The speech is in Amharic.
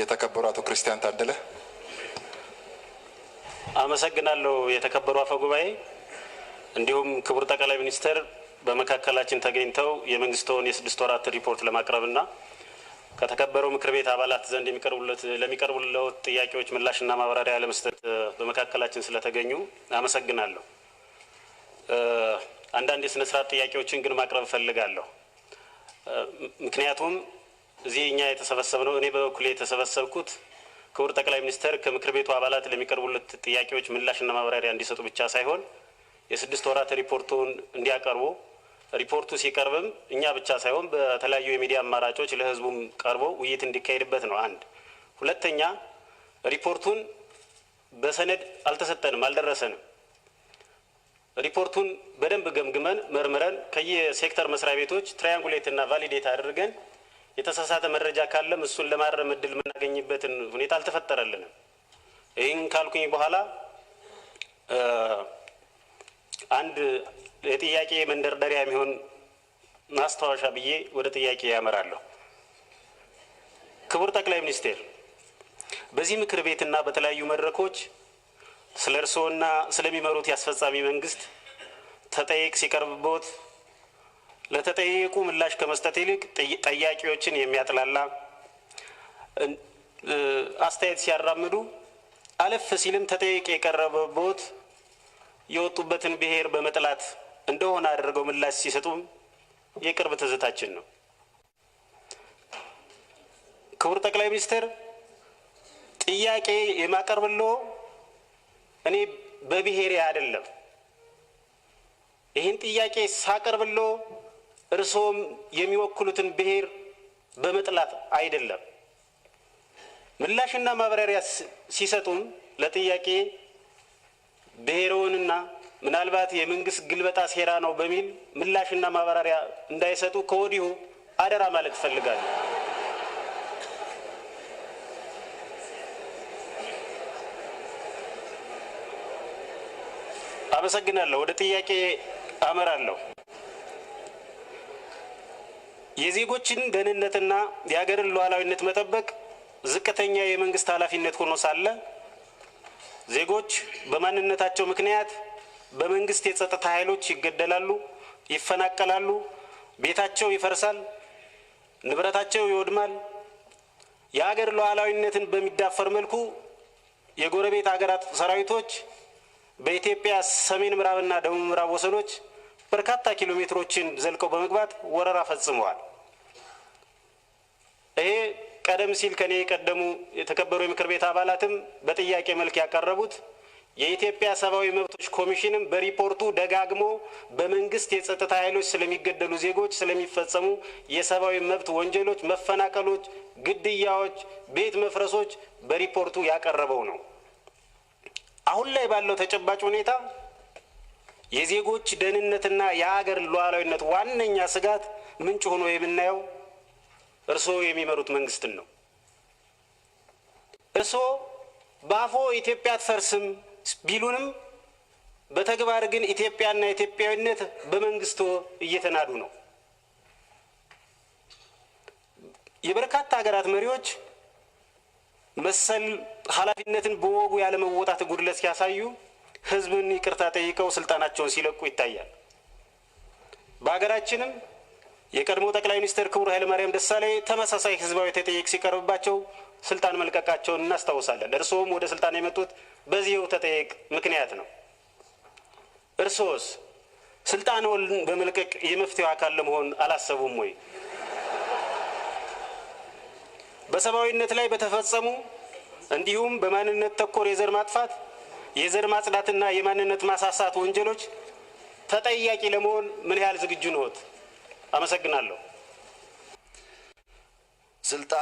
የተከበሩ አቶ ክርስቲያን ታደለ። አመሰግናለሁ የተከበሩ አፈ ጉባኤ፣ እንዲሁም ክቡር ጠቅላይ ሚኒስትር በመካከላችን ተገኝተው የመንግስትን የስድስት ወራት ሪፖርት ለማቅረብና ከተከበረው ምክር ቤት አባላት ዘንድ ለሚቀርቡለት ጥያቄዎች ምላሽና ማብራሪያ ለመስጠት በመካከላችን ስለተገኙ አመሰግናለሁ። አንዳንድ የስነስርዓት ጥያቄዎችን ግን ማቅረብ እፈልጋለሁ። ምክንያቱም እዚህ እኛ የተሰበሰብነው እኔ በበኩሌ የተሰበሰብኩት ክቡር ጠቅላይ ሚኒስትር ከምክር ቤቱ አባላት ለሚቀርቡለት ጥያቄዎች ምላሽና ማብራሪያ እንዲሰጡ ብቻ ሳይሆን የስድስት ወራት ሪፖርቱን እንዲያቀርቡ ሪፖርቱ ሲቀርብም እኛ ብቻ ሳይሆን በተለያዩ የሚዲያ አማራጮች ለህዝቡም ቀርቦ ውይይት እንዲካሄድበት ነው። አንድ ሁለተኛ፣ ሪፖርቱን በሰነድ አልተሰጠንም፣ አልደረሰንም። ሪፖርቱን በደንብ ገምግመን መርምረን ከየሴክተር መስሪያ ቤቶች ትራያንጉሌትና ቫሊዴት አድርገን የተሳሳተ መረጃ ካለም እሱን ለማረም እድል የምናገኝበትን ሁኔታ አልተፈጠረልንም። ይህን ካልኩኝ በኋላ አንድ የጥያቄ መንደርደሪያ የሚሆን ማስታወሻ ብዬ ወደ ጥያቄ ያመራለሁ። ክቡር ጠቅላይ ሚኒስቴር፣ በዚህ ምክር ቤትና በተለያዩ መድረኮች ስለ እርስዎና ስለሚመሩት የአስፈጻሚ መንግስት ተጠየቅ ሲቀርብቦት ለተጠየቁ ምላሽ ከመስጠት ይልቅ ጠያቂዎችን የሚያጥላላ አስተያየት ሲያራምዱ አለፍ ሲልም ተጠየቅ የቀረበቦት የወጡበትን ብሔር በመጥላት እንደሆነ አድርገው ምላሽ ሲሰጡም የቅርብ ትዝታችን ነው። ክቡር ጠቅላይ ሚኒስትር ጥያቄ የማቀርብሎ እኔ በብሔሬ አይደለም። ይህን ጥያቄ ሳቀርብሎ እርስዎም የሚወክሉትን ብሔር በመጥላት አይደለም። ምላሽና ማብራሪያ ሲሰጡም ለጥያቄ ብሔርዎንና ምናልባት የመንግስት ግልበጣ ሴራ ነው በሚል ምላሽና ማብራሪያ እንዳይሰጡ ከወዲሁ አደራ ማለት እፈልጋለሁ። አመሰግናለሁ። ወደ ጥያቄ አመራለሁ። የዜጎችን ደህንነትና የሀገርን ሉዓላዊነት መጠበቅ ዝቅተኛ የመንግስት ኃላፊነት ሆኖ ሳለ ዜጎች በማንነታቸው ምክንያት በመንግስት የጸጥታ ኃይሎች ይገደላሉ፣ ይፈናቀላሉ፣ ቤታቸው ይፈርሳል፣ ንብረታቸው ይወድማል። የሀገር ሉዓላዊነትን በሚዳፈር መልኩ የጎረቤት ሀገራት ሰራዊቶች በኢትዮጵያ ሰሜን ምዕራብና ደቡብ ምዕራብ ወሰኖች በርካታ ኪሎ ሜትሮችን ዘልቀው በመግባት ወረራ ፈጽመዋል። ይሄ ቀደም ሲል ከኔ የቀደሙ የተከበሩ የምክር ቤት አባላትም በጥያቄ መልክ ያቀረቡት የኢትዮጵያ ሰብአዊ መብቶች ኮሚሽንም በሪፖርቱ ደጋግሞ በመንግስት የጸጥታ ኃይሎች ስለሚገደሉ ዜጎች ስለሚፈጸሙ የሰብአዊ መብት ወንጀሎች፣ መፈናቀሎች፣ ግድያዎች፣ ቤት መፍረሶች በሪፖርቱ ያቀረበው ነው። አሁን ላይ ባለው ተጨባጭ ሁኔታ የዜጎች ደህንነትና የሀገር ሉዓላዊነት ዋነኛ ስጋት ምንጭ ሆኖ የምናየው እርስዎ የሚመሩት መንግስትን ነው። እርስዎ በአፎ ኢትዮጵያ አትፈርስም ቢሉንም በተግባር ግን ኢትዮጵያና ኢትዮጵያዊነት በመንግስቶ እየተናዱ ነው። የበርካታ ሀገራት መሪዎች መሰል ኃላፊነትን በወጉ ያለመወጣት ጉድለት ሲያሳዩ ህዝብን ይቅርታ ጠይቀው ስልጣናቸውን ሲለቁ ይታያል። በሀገራችንም የቀድሞ ጠቅላይ ሚኒስትር ክቡር ኃይለማርያም ደሳሌ ተመሳሳይ ህዝባዊ ተጠየቅ ሲቀርብባቸው ስልጣን መልቀቃቸውን እናስታውሳለን። እርስዎም ወደ ስልጣን የመጡት በዚህው ተጠየቅ ምክንያት ነው። እርስዎስ ስልጣንዎን በመልቀቅ የመፍትሄው አካል ለመሆን አላሰቡም ወይ? በሰብአዊነት ላይ በተፈጸሙ እንዲሁም በማንነት ተኮር የዘር ማጥፋት፣ የዘር ማጽዳትና የማንነት ማሳሳት ወንጀሎች ተጠያቂ ለመሆን ምን ያህል ዝግጁ ነዎት? አመሰግናለሁ። ስልጣን